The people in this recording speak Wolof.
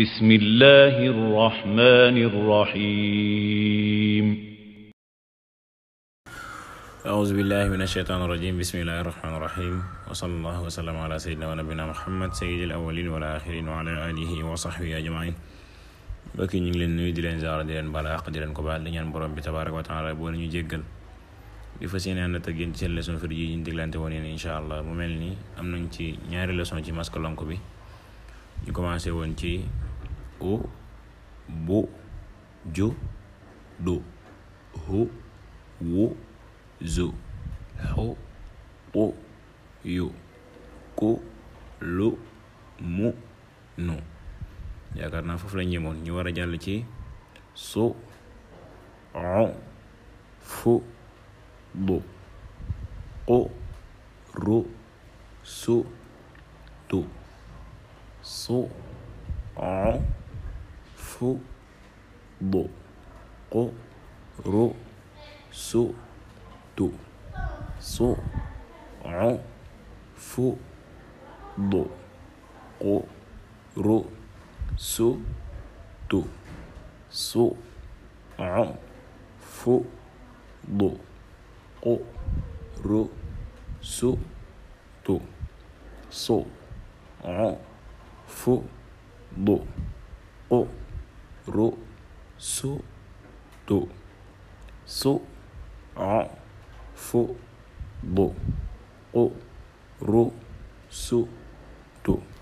بسم الله الرحمن الرحيم أعوذ بالله من الشيطان الرجيم بسم الله الرحمن الرحيم وصلى الله وسلم على سيدنا ونبينا محمد سيد الأولين والآخرين وعلى آله وصحبه أجمعين mbokk yi ñu ngi leen nuyu di leen ziar di leen baal àq di leen ko baal di ñaan borom bi tabaraka wa taala boo ñu jéggal di fas yéene ànd ak yéen ci seen leçon firi yi ñu diglante woon yéen incha allah mu mel ni am nañ ci ñaari leçon ci masque lonk bi ñu commencé woon ci o bo jo do ho wo zu ho o yo ko lo mu nu ya karena foofu la ñëmon ñu wara jall ci su u fu bu qu ru su tu su u فو ضو قو رو سو تو سو عن فو ضو قو رو سو تو سو عن فو ضو قو رو سو تو سو عن فو ضو قو ro so do so en fo bo o ro so do